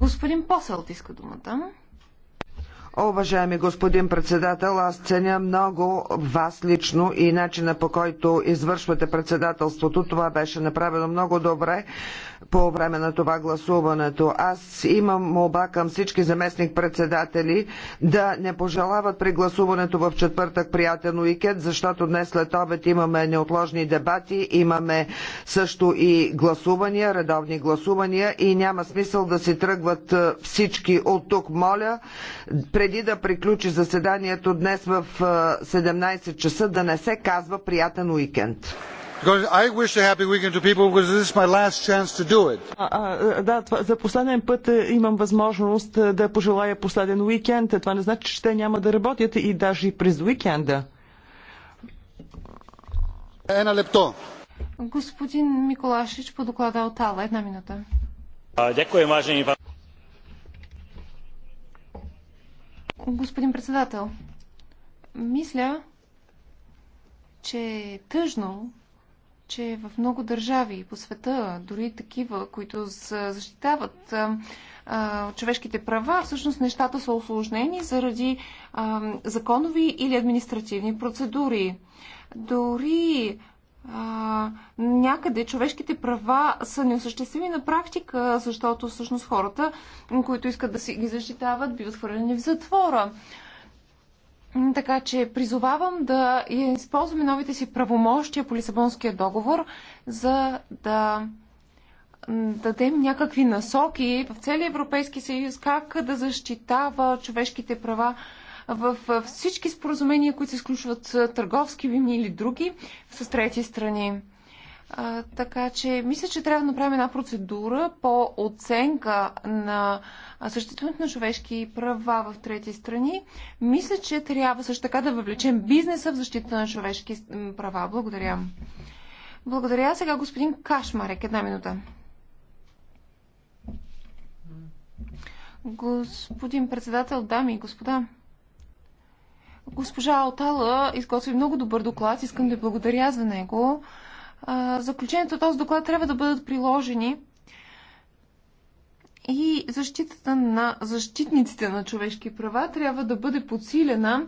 Господин Посълт иска думата. Уважаеми господин председател, аз ценя много вас лично и начина по който извършвате председателството. Това беше направено много добре по време на това гласуването. Аз имам молба към всички заместник-председатели да не пожелават при гласуването в четвъртък приятен уикенд, защото днес след обед имаме неотложни дебати, имаме също и гласувания, редовни гласувания и няма смисъл да си тръгват всички от тук. Моля, преди да приключи заседанието днес в 17 часа, да не се казва приятен уикенд. за последен път е, имам възможност е, да пожелая последен уикенд. Е, това не значи, че те няма да работят и даже и през уикенда. Една лепто. Господин Миколашич по доклада от Тала. Една минута. Дякую, важен Господин председател, мисля, че е тъжно, че в много държави по света, дори такива, които защитават а, човешките права, всъщност нещата са осложнени заради а, законови или административни процедури. Дори а, някъде човешките права са неосъществими на практика, защото всъщност хората, които искат да си ги защитават, биват хвърлени в затвора. Така че призовавам да използваме новите си правомощия по Лисабонския договор, за да дадем някакви насоки в целия Европейски съюз как да защитава човешките права в всички споразумения, които се изключват търговски вини или други с трети страни. А, така че мисля, че трябва да направим една процедура по оценка на съществуването на човешки права в трети страни. Мисля, че трябва също така да въвлечем бизнеса в защита на човешки права. Благодаря. Благодаря. Сега господин Кашмарек. Една минута. Господин председател, дами и господа. Госпожа Алтала изготви много добър доклад. Искам да благодаря за него. Заключението от този доклад трябва да бъдат приложени и защитата на защитниците на човешки права трябва да бъде подсилена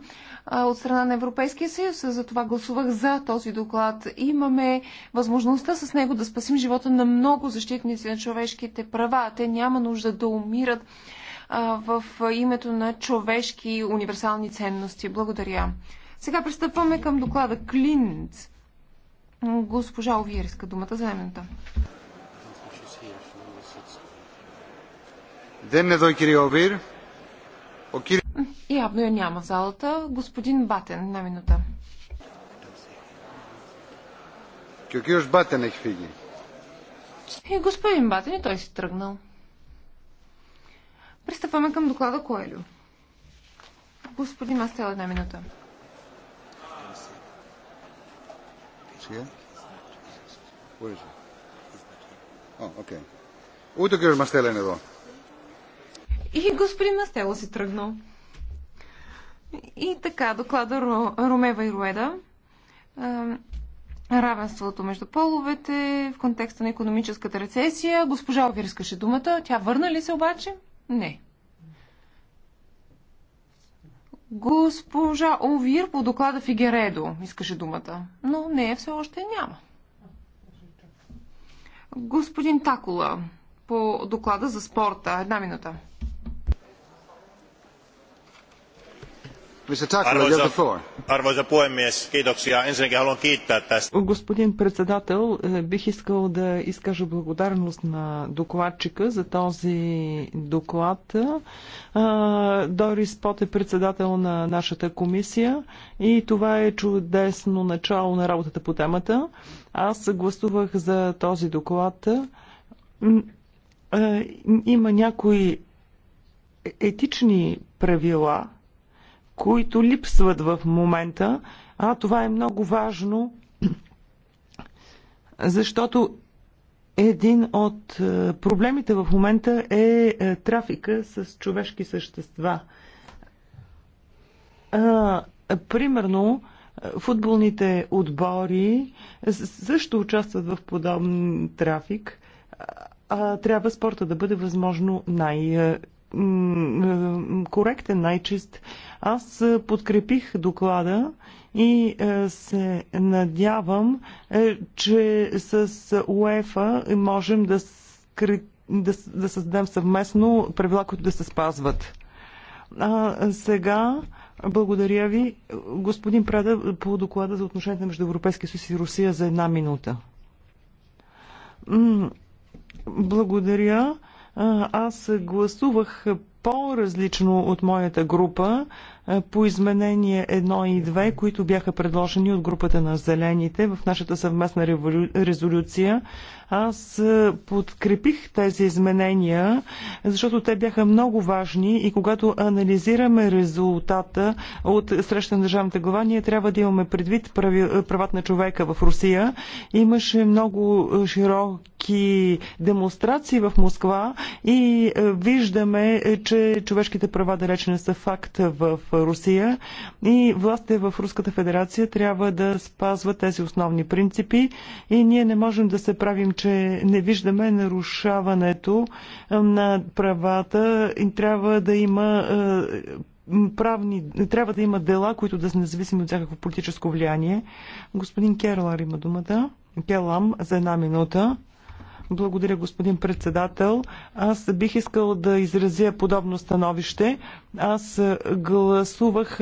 от страна на Европейския съюз. Затова гласувах за този доклад. Имаме възможността с него да спасим живота на много защитници на човешките права. Те няма нужда да умират в името на човешки универсални ценности. Благодаря. Сега пристъпваме към доклада Клинц. Госпожа Овиерска, думата за минута. Ден е кирия Овир. Явно я няма в залата. Господин Батен, на минута. Кирил Батен е хвиги. И господин Батен, и той си тръгнал. Пристъпваме към доклада Коелю. Господин Мастел, една минута. Е е и господин Мастело си тръгнал. И така, доклада Ромева и Руеда. Е, равенството между половете в контекста на економическата рецесия. Госпожа Овирскаше думата. Тя върна ли се обаче? Не. Госпожа Овир по доклада Фигередо искаше думата, но не, все още няма. Господин Такола по доклада за спорта. Една минута. Arvoisa puhemies, Ensinnäkin haluan kiittää tästä. Господин председател, е, бих искал да изкажа благодарност на докладчика за този доклад. Е, Дорис Пот е председател на нашата комисия и това е чудесно начало на работата по темата. Аз гласувах за този доклад. Е, има някои етични правила, които липсват в момента, а това е много важно, защото един от е, проблемите в момента е, е трафика с човешки същества. Примерно, футболните отбори също участват в подобен трафик. А, трябва спорта да бъде възможно най- е, коректен, най-чист. Аз подкрепих доклада и се надявам, е, че с УЕФА можем да, скри... да, да създадем съвместно правила, които да се спазват. А, сега благодаря ви, господин Преда, по доклада за отношенията между Европейския съюз и Русия за една минута. Благодаря. Аз гласувах по-различно от моята група, по изменение 1 и 2, които бяха предложени от групата на зелените в нашата съвместна резолюция. Аз подкрепих тези изменения, защото те бяха много важни и когато анализираме резултата от среща на държавната глава, ние трябва да имаме предвид правата на човека в Русия. Имаше много широки демонстрации в Москва и виждаме, че човешките права далеч не са факт в Русия и властите в Руската федерация трябва да спазват тези основни принципи и ние не можем да се правим, че не виждаме нарушаването на правата и трябва да има правни, трябва да има дела, които да са независими от всякакво политическо влияние. Господин Керлар има думата. Келам за една минута. Благодаря, господин председател. Аз бих искал да изразя подобно становище. Аз гласувах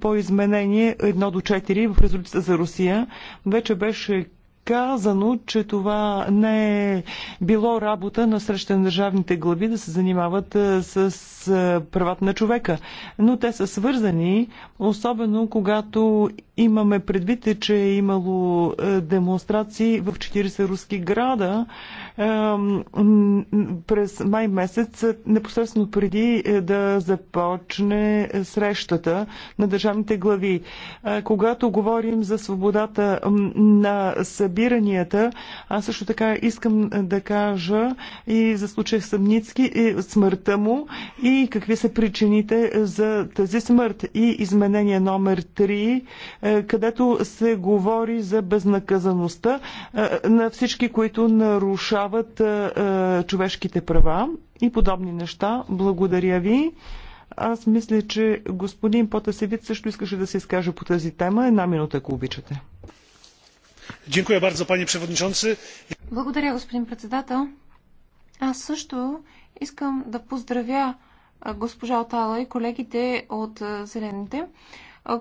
по изменение 1 до 4 в резолюцията за Русия. Вече беше казано, че това не е било работа на среща на държавните глави да се занимават е, с е, правата на човека. Но те са свързани, особено когато имаме предвид, че е имало е, демонстрации в 40 руски града през май месец, непосредствено преди да започне срещата на държавните глави. Когато говорим за свободата на събиране, събиранията. Аз също така искам да кажа и за случай Съмницки, и смъртта му и какви са причините за тази смърт. И изменение номер 3, е, където се говори за безнаказаността е, на всички, които нарушават е, човешките права и подобни неща. Благодаря ви. Аз мисля, че господин Потасевит също искаше да се изкаже по тази тема. Една минута, ако обичате. Благодаря, господин председател. Аз също искам да поздравя госпожа Отала и колегите от Зелените,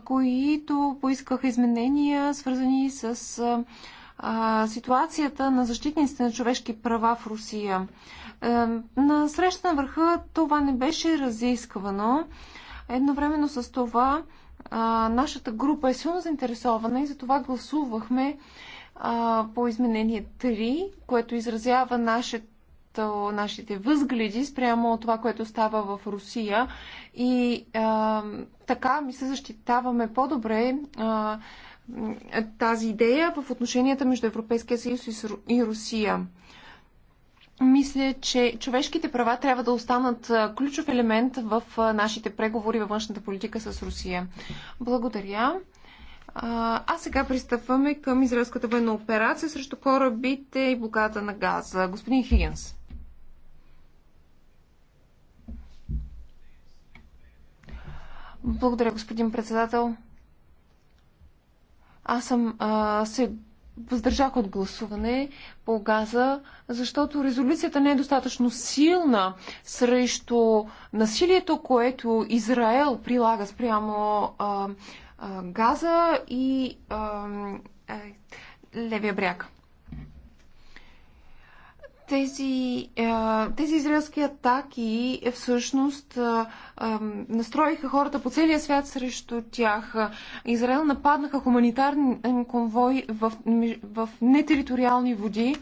които поискаха изменения, свързани с ситуацията на защитниците на човешки права в Русия. На среща на върха това не беше разисквано. Едновременно с това а, нашата група е силно заинтересована и затова гласувахме а, по изменение 3, което изразява нашето, нашите възгледи спрямо това, което става в Русия. И а, така ми се защитаваме по-добре тази идея в отношенията между Европейския съюз и Русия мисля, че човешките права трябва да останат ключов елемент в нашите преговори във външната политика с Русия. Благодаря. А сега пристъпваме към израелската военна операция срещу корабите и богата на газа. Господин Хигенс. Благодаря, господин председател. Аз съм а, се въздържах от гласуване по газа, защото резолюцията не е достатъчно силна срещу насилието, което Израел прилага спрямо а, а, газа и а, а, е, левия бряг тези, е, тези израелски атаки е, всъщност е, настроиха хората по целия свят срещу тях. Израел нападнаха хуманитарен конвой в, в нетериториални води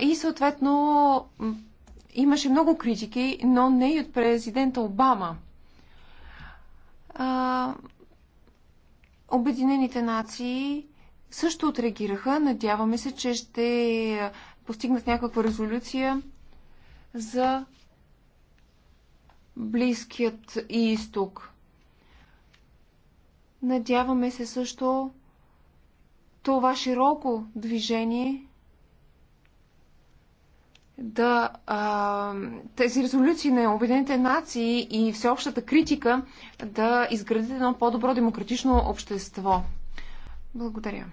и съответно имаше много критики, но не и от президента Обама. Обединените нации също отреагираха. Надяваме се, че ще постигнат някаква резолюция за Близкият и изток. Надяваме се също това широко движение да а, тези резолюции на Обединените нации и всеобщата критика да изградят едно по-добро демократично общество. Благодаря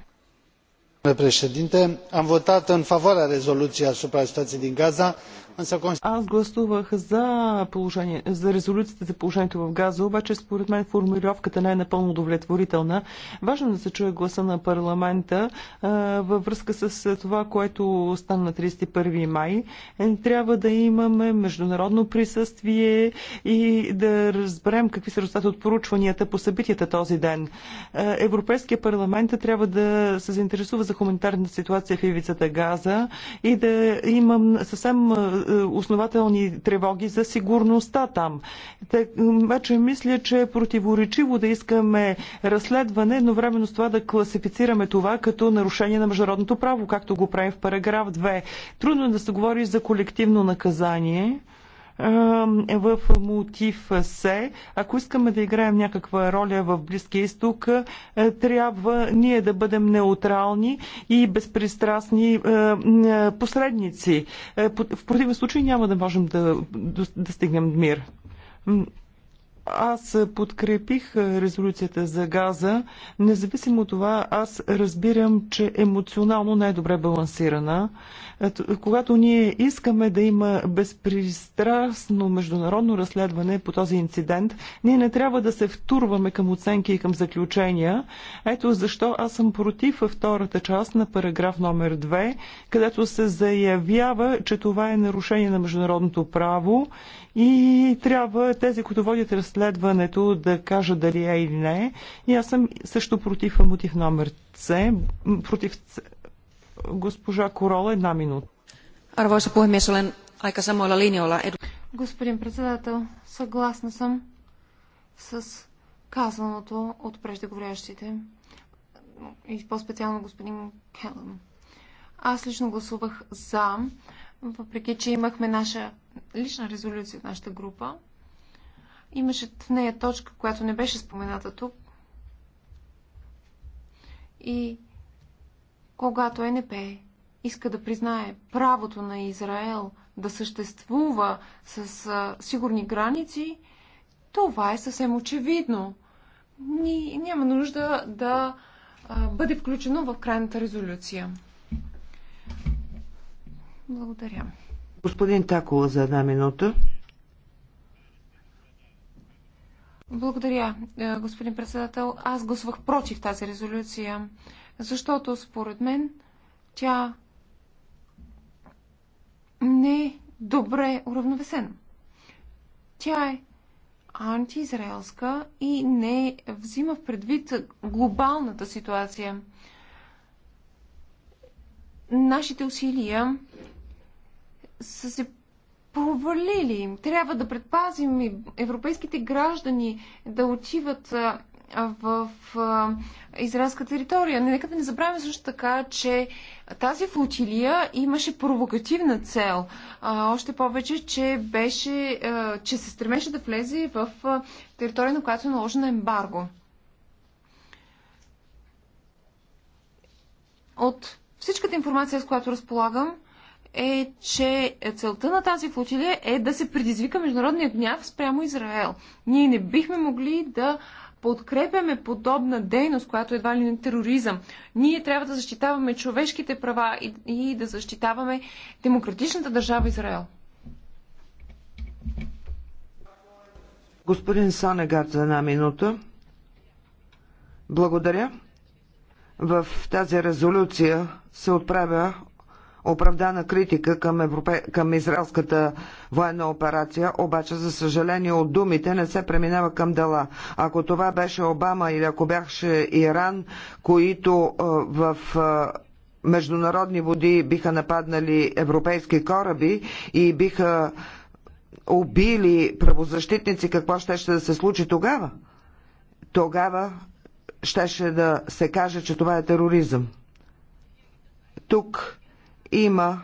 am votat în favoarea rezoluiei asupra situaiei din gaza însă Аз гласувах за, резолюцията за положението в Газа, обаче според мен формулировката не е напълно удовлетворителна. Важно е да се чуе гласа на парламента във връзка с това, което стана на 31 май. Е, трябва да имаме международно присъствие и да разберем какви са резултати от поручванията по събитията този ден. Европейския парламент трябва да се заинтересува за хуманитарната ситуация в ивицата Газа и да имам съвсем е, основателни тревоги за сигурността там. Так, вече мисля, че е противоречиво да искаме разследване, но времено с това да класифицираме това като нарушение на международното право, както го правим в параграф 2. Трудно е да се говори за колективно наказание в мотив се, ако искаме да играем някаква роля в Близкия изток, е, трябва ние да бъдем неутрални и безпристрастни е, е, посредници. В противен случай няма да можем да, да, да стигнем мир. Аз подкрепих резолюцията за газа. Независимо от това, аз разбирам, че емоционално най е добре балансирана. Когато ние искаме да има безпристрастно международно разследване по този инцидент, ние не трябва да се втурваме към оценки и към заключения. Ето защо аз съм против втората част на параграф номер 2, където се заявява, че това е нарушение на международното право и трябва тези, които водят разследване, разследването да кажа дали е или не. И аз съм също против мотив номер С. Против С. Госпожа Корола, една минута. Arvoisa puhemies, olen aika samoilla linjoilla. Господин председател, съгласна съм с казаното от преждеговорящите и по-специално господин Келъм. Аз лично гласувах за, въпреки че имахме наша лична резолюция от нашата група Имаше в нея точка, която не беше спомената тук. И когато НП иска да признае правото на Израел да съществува с а, сигурни граници, това е съвсем очевидно. Ни, няма нужда да а, бъде включено в крайната резолюция. Благодаря. Господин Такова за една минута. Благодаря, е, господин председател. Аз гласувах против тази резолюция, защото според мен тя не е добре уравновесена. Тя е антиизраелска и не взима в предвид глобалната ситуация. Нашите усилия са се провалили. Трябва да предпазим европейските граждани да отиват в израелска територия. Нека да не забравяме също така, че тази флотилия имаше провокативна цел. Още повече, че, беше, че се стремеше да влезе в територия, на която е наложена ембарго. От всичката информация, с която разполагам, е, че целта на тази флотилия е да се предизвика международният гняв спрямо Израел. Ние не бихме могли да подкрепяме подобна дейност, която едва ли не е тероризъм. Ние трябва да защитаваме човешките права и, и да защитаваме демократичната държава Израел. Господин Санегард за една минута. Благодаря. В тази резолюция се отправя оправдана критика към, европе... към израелската военна операция, обаче за съжаление от думите не се преминава към дела. Ако това беше Обама или ако бяхше Иран, които е, в е, международни води биха нападнали европейски кораби и биха убили правозащитници, какво ще, ще да се случи тогава? Тогава щеше да се каже, че това е тероризъм. Тук има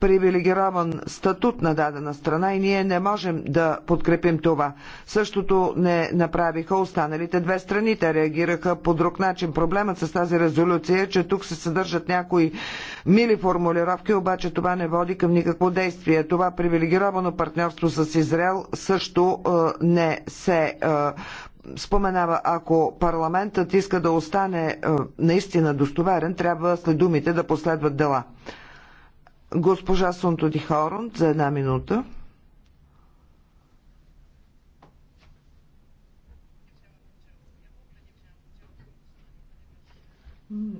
привилегирован статут на дадена страна и ние не можем да подкрепим това. Същото не направиха останалите две страни. Те реагираха по друг начин. Проблемът с тази резолюция е, че тук се съдържат някои мили формулировки, обаче това не води към никакво действие. Това привилегировано партньорство с Израел също е, не се е, споменава, ако парламентът иска да остане е, наистина достоверен, трябва след думите да последват дела. Госпожа Сунто Дихорон, за една минута. Mm.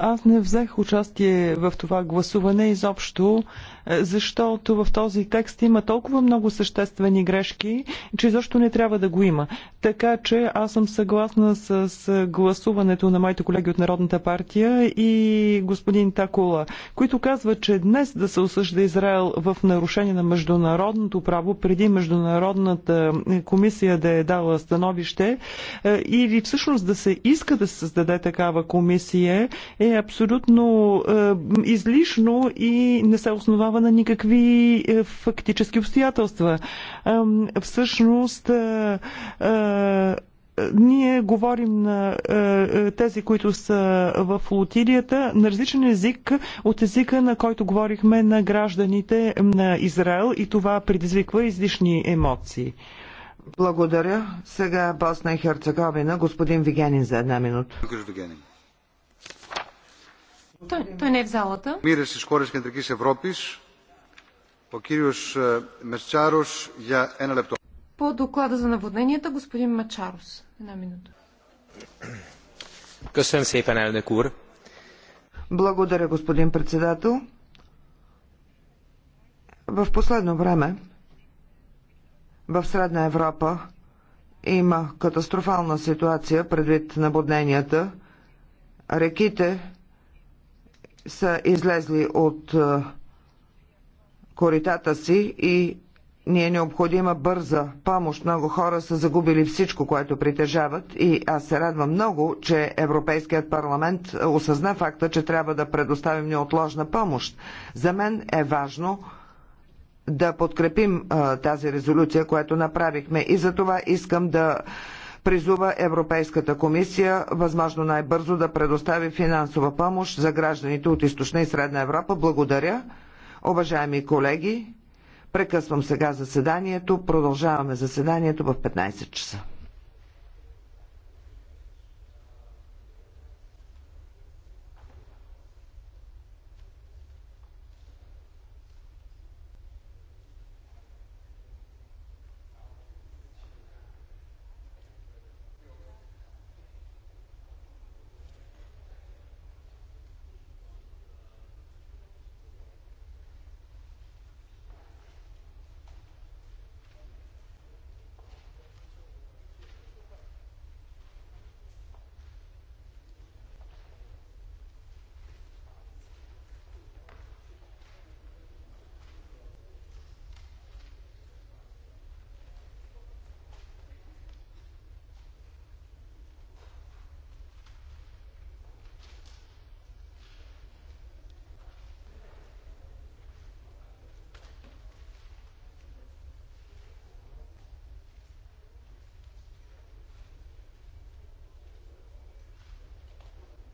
Аз не взех участие в това гласуване изобщо, е, защото в този текст има толкова много съществени грешки, че изобщо не трябва да го има. Така че аз съм съгласна с гласуването на моите колеги от Народната партия и господин Такула, които казват, че днес да се осъжда Израел в нарушение на международното право, преди Международната комисия да е дала становище, е, или всъщност да се иска да се създаде такава комисия, е абсолютно е, излишно и не се основава на никакви е, фактически обстоятелства. Всъщност, е, ние говорим на тези, които са в флотилията, на различен език от езика, на който говорихме на гражданите на Израел и това предизвиква излишни емоции. Благодаря. Сега Босна и Херцеговина. Господин Вигенин за една минута. Господин Вигенин. Той, той не е в залата. Мире στις χώρες Κεντρικής Ευρώπης. Ο κύριος Μεστσάρος για ένα λεπτό. По доклада за наводненията, господин Мачарос. Една минута. Köszönöm szépen, elnök Благодаря, господин председател. В последно време в Средна Европа има катастрофална ситуация предвид наводненията. Реките са излезли от е, коритата си и ни е необходима бърза помощ. Много хора са загубили всичко, което притежават и аз се радвам много, че Европейският парламент осъзна факта, че трябва да предоставим неотложна помощ. За мен е важно да подкрепим а, е, тази резолюция, която направихме и за това искам да призува Европейската комисия възможно най-бързо да предостави финансова помощ за гражданите от Източна и Средна Европа. Благодаря. Уважаеми колеги, прекъсвам сега заседанието. Продължаваме заседанието в 15 часа.